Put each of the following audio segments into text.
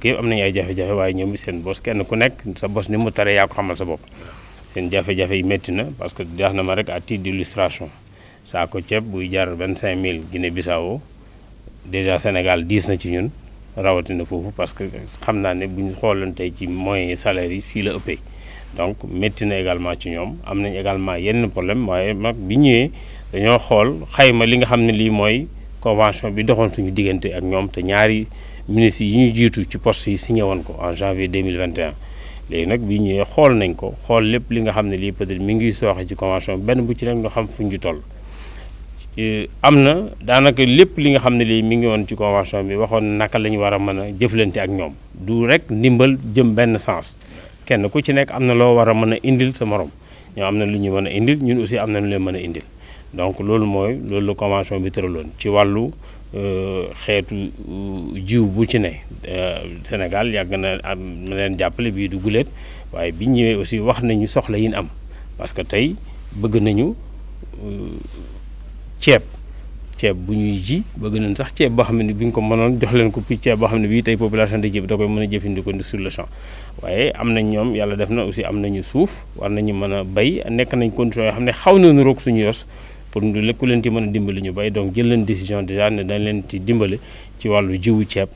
dëkk yëpp am nañu ay jafe-jafe waaye ñoom seen bos kenn ku nekk sa bos ni mu tare yaa ko xamal sa bopp seen jafe-jafe yi métti na parce que jaax na ma rek à titre d'illustration saako ceeb buy jar vingt cinq mille Guinée Bissau déjà Sénégal diis na ci ñun rawatina foofu parce que xam naa ne bu ñu xooloon tey ci moyens salaires yi fii la ëppee donc métti na également ci ñoom am nañ également yenn problème waaye mag bi ñëwee dañoo xool xayma li nga xam ne lii mooy convention bi doxoon suñu diggante ak ñoom te ñaari ministre yi ñu jiitu ci poste yi signé woon ko en janvier 2021 léegi nag bi ñëwee xool nañ ko xool lépp li nga xam ne lii peut-être mi ngi sooxe ci convention benn bu ci nekk nga xam ñu toll euh, am na daanaka lépp li nga xam ne lii mi ngi woon ci convention bi waxoon naka la ñu war a mën a jëflante ak ñoom du rek ndimbal jëm benn sens kenn ku ci nekk am na loo war a mën a indil sa morom ñoo am na lu ñu mën a indil ñun aussi am na lu leen mën a indil donc loolu mooy loolu la convention bi tëraloon ci wàllu xeetu euh, jiw bu ci ne euh, Sénégal yàgg na am na leen jàppale bii du guleet waaye bi ñëwee aussi wax nañu soxla yi ñu am parce que tey bëgg nañu euh, ceeb ceeb bu ñuy ji bëgg nañ sax ceeb boo xam ne bi ñu ko mënoon jox leen ko ceeb boo xam ne bii tey population de ji da koy mën a jëfandikoo sur le champ waaye am nañ ñoom yàlla def na aussi am nañu suuf war nañu mën a bay nekk nañ condition yoo xam ne xaw na nu roog suñu yos pour lépp ku leen ci mën a dimbali ñu bay donc jël leen décision déjà ne dañ leen ci dimbali ci wàllu jiwu ceeb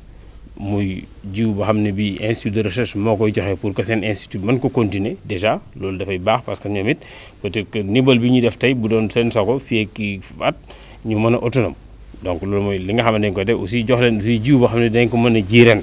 muy jiw boo xam ne bii institut de recherche moo koy joxe pour que seen institut mën ko continuer déjà loolu dafay baax parce que ñoom it peut-être que nibal bi ñuy def tey bu doon seen sago fii kii at ñu mën a autonome donc loolu mooy li nga xam ne dañ ko def aussi jox leen aussi jiw boo xam ne dañ ko mën a ji ren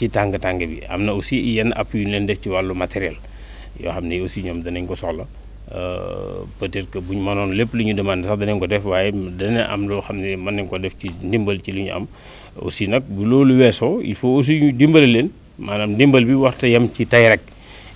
ci tàng tàng bi am na aussi yenn appui yu leen def ci wàllu matériel yoo xam ne aussi ñoom danañ ko soxla euh, peut-être que bu ñu mënoon lépp lu ñu demande sax danañ ko def waaye danañ am loo xam ne mën nañ ko def ci ndimbal ci lu ñu am aussi nag bu loolu weesoo il faut aussi ñu dimbale leen maanaam ndimbal bi waxta yem ci tey rek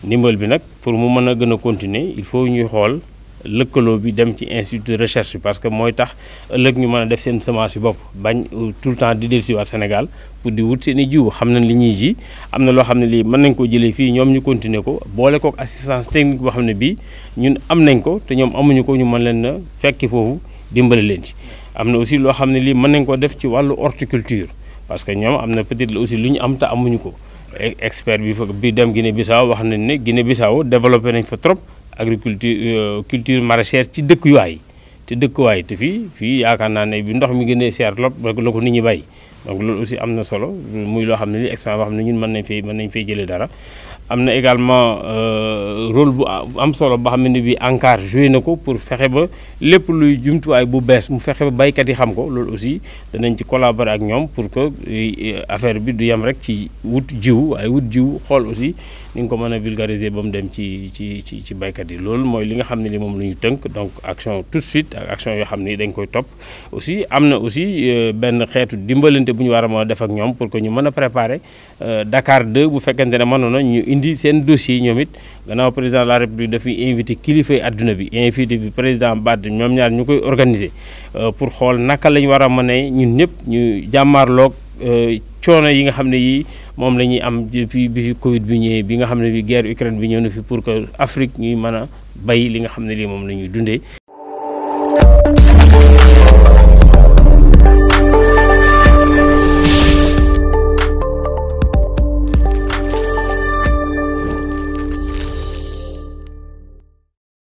ndimbal bi nag pour mu mën a gën a continuer il faut ñuy xool. lëkkaloo bi dem ci institut recherche parce que mooy tax ëllëg ñu mën a def seen semence yu bopp bañ tout le temps di dellusiwaat Sénégal pour di wut seen i jiw xam nañ li ñuy ji am na loo xam ne lii mën nañ ko jëlee fii ñoom ñu continuer ko boole kook assistance technique boo xam ne bii ñun am nañ ko te ñoom amuñu ko ñu mën leen a fekki foofu dimbale leen ci. am na aussi loo xam ne lii mën nañ ko def ci wàllu horticulture parce que ñoom am na peut-être aussi lu ñu am te amuñu ko e-, expert bi fa bi dem Guinée Bissau wax nañ ne Guinée Bissau développé nañ fa trop. agriculture euh, culture maraîchère ci dëkk dëkkuwaay te dëkkuwaay te fii fii yaakaar naa ne bi ndox mi gënee seer lop la ko nit ñi bay donc loolu aussi am na solo muy loo xam ne li expérience boo xam ne ñun mën nañ fay mën nañ fay jëlee dara amna également euh, rôle bu am solo boo xam ne bi ANCAR joué na ko pour fexe ba lépp luy jumtuwaay bu bees mu fexe ba baykat yi xam ko loolu aussi danañ ci collaborer ak ñoom pour que euh, affaire bi du yem rek ci wut jiw ay wut jiw xool aussi ni nga ko mën a vulgariser ba mu dem ci ci ci ci baykat yi loolu mooy li nga xam ne li moom la ñu tënk donc action tout de suite ak action yoo xam ni dañ koy topp aussi am na aussi euh, benn xeetu dimbalante bu ñu war a mën a def ak ñoom pour que ñu mën a préparer euh, Dakar 2 bu fekkente ne mënoon na ñu indi seen dossier ñoom it gannaaw président de la république dafay invité kilifay adduna bi invité bi président Badd ñoom ñaar ñu koy organiser euh, pour xool naka lañ war a mën ñun ñëpp ñu jàmmaarloog euh, coono yi xam ne yi moom la ñuy am depuis bi Covid bi ñëwee bi nga xam ne bi guerre Ukraine bi ñëw na fi pour que Afrique ñuy mën a bay li nga xam ne lii moom la ñuy dundee.